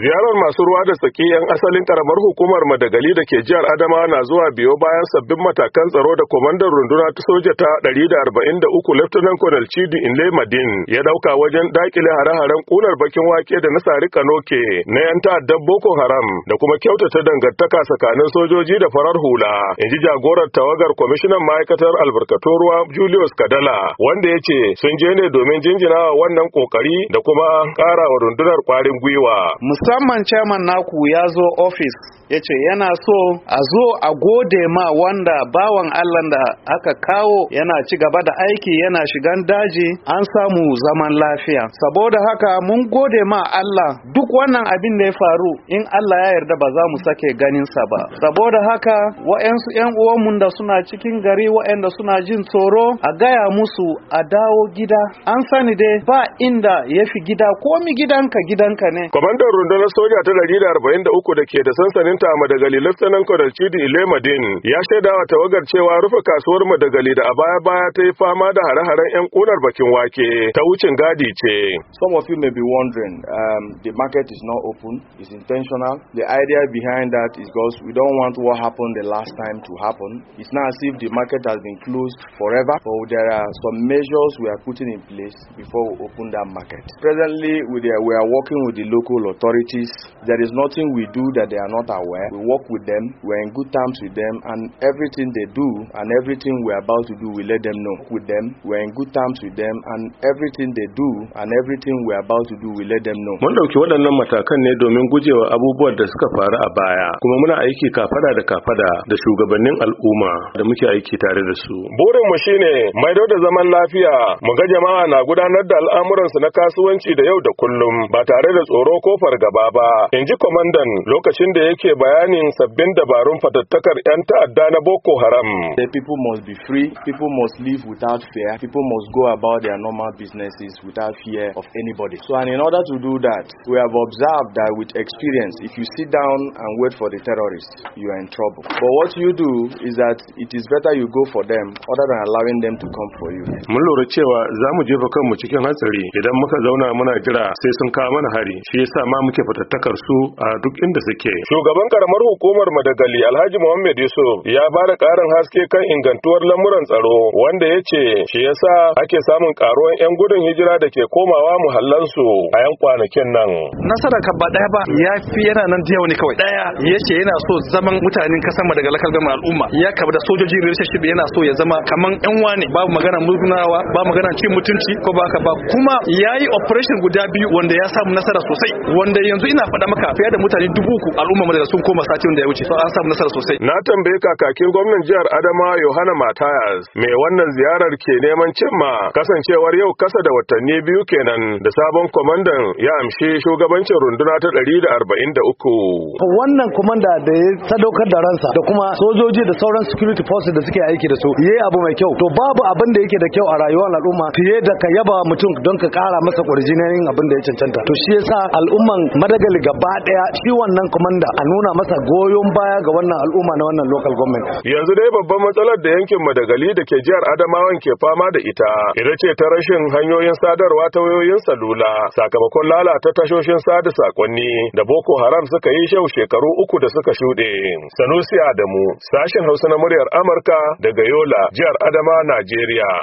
Ziyarar masu ruwa da sake 'yan asalin karamar hukumar Madagali da ke jihar Adama na zuwa biyo bayan sabbin matakan tsaro da kwamandan runduna ta soja ta 143 Lieutenant Colonel Chidi Inle Madin ya dauka wajen dakile hare-haren kunar bakin wake da na sari Kanoke na 'yan ta'addar Boko Haram da kuma kyautata dangantaka tsakanin sojoji da farar hula. In ji jagorar tawagar kwamishinan ma'aikatar albarkatun ruwa Julius Kadala wanda ya ce sun je ne domin jinjina wannan kokari da kuma ƙara wa rundunar kwarin gwiwa. musamman chairman naku ya zo ofis ya ce yana so a zo a gode ma wanda bawan allah da aka kawo yana ci gaba da aiki yana shigan daji an samu zaman lafiya saboda haka mun gode ma allah duk wannan abin da ya faru in allah ya yarda ba za mu sake ganinsa ba saboda haka wa'yansu 'yan uwanmu da suna cikin gari wa'yanda suna jin tsoro a gaya musu a dawo gida an sani dai ba inda ya fi gida komi gidanka gidanka ne kwamandan rundunar soja ta 143 da ke da sansanin ta Madagali Laftanan Colonel Chidi Ilemadin ya shaida wa tawagar cewa rufe kasuwar Madagali da a baya-baya ta yi fama da hare-haren 'yan kunar bakin wake ta wucin gadi ce. Some of you may be wondering um, the market is not open, it's intentional. The idea behind that is because we don't want what happened the last time to happen. It's not as if the market has been closed forever, but there are some measures we are putting in place before we open that market. Presently, we are, we are working with the local authorities. communities. There is nothing we do that they are not aware. We work with them, are in good terms with them, and everything they do and everything we are about to do, we let them know. With them, are in good terms with them, and everything they do and everything we are about to do, we let them know. Mun dauki waɗannan matakan ne domin gujewa abubuwan da suka faru a baya, kuma muna aiki kafada da kafada da shugabannin al'umma da muke aiki tare da su. Burinmu ne, maido da zaman lafiya, mu ga jama'a na gudanar da al'amuransu na kasuwanci da yau da kullum ba tare da tsoro ko fargaba gaba ba in ji kwamandan lokacin da yake bayanin sabbin dabarun fatattakar 'yan ta'adda na boko haram the people must be free people must live without fear people must go about their normal businesses without fear of anybody so and in order to do that we have observed that with experience if you sit down and wait for the terrorists you are in trouble but what you do is that it is better you go for them other than allowing them to come for you mun lura cewa za mu jefa kanmu cikin hatsari idan muka zauna muna jira sai sun kawo mana hari shi yasa ma muke fatattakar su a duk inda suke shugaban karamar hukumar madagali alhaji muhammad yusuf ya ba da karin haske kan ingantuwar lamuran tsaro wanda ya ce shi yasa ake samun karuwan yan gudun hijira da ke komawa muhallansu a yan kwanakin nan nasara kabba daya ba ya fi yana nan da ne kawai daya ya ce yana so zaman mutanen kasar madagali kalgama al'umma ya kaba da sojoji relationship yana so ya zama kaman yan wane babu magana murnawa ba magana cin mutunci ko ba ka ba kuma yayi operation guda biyu wanda ya samu nasara sosai wanda yanzu ina faɗa maka fiye da mutane dubu uku al'umma mu sun koma satin da ya wuce an samu nasara sosai na tambaye kakakin gwamnan jihar Adama Yohana Matayas me wannan ziyarar ke neman cimma kasancewar yau kasa da watanni biyu kenan da sabon kwamandan ya amshe shugabancin runduna ta 143 wannan kwamanda da ya sadaukar da ransa da kuma sojoji da sauran security forces da suke aiki da su ya abu mai kyau to babu abin da yake da kyau a rayuwar al'umma fiye da ka yaba mutum don ka kara masa kwarjinin abin da ya cancanta to shi yasa al'umman madagali gaba daya shi wannan kumanda a nuna masa goyon baya ga wannan al'umma na wannan local government yanzu dai babban matsalar da yankin madagali da ke jihar adamawan ke fama da ita ita ce ta rashin hanyoyin sadarwa ta wayoyin salula sakamakon lalata tashoshin sada sakonni da boko haram suka yi shau shekaru uku da suka shuɗe sanusi adamu sashen hausa na muryar amurka daga yola jihar adama najeriya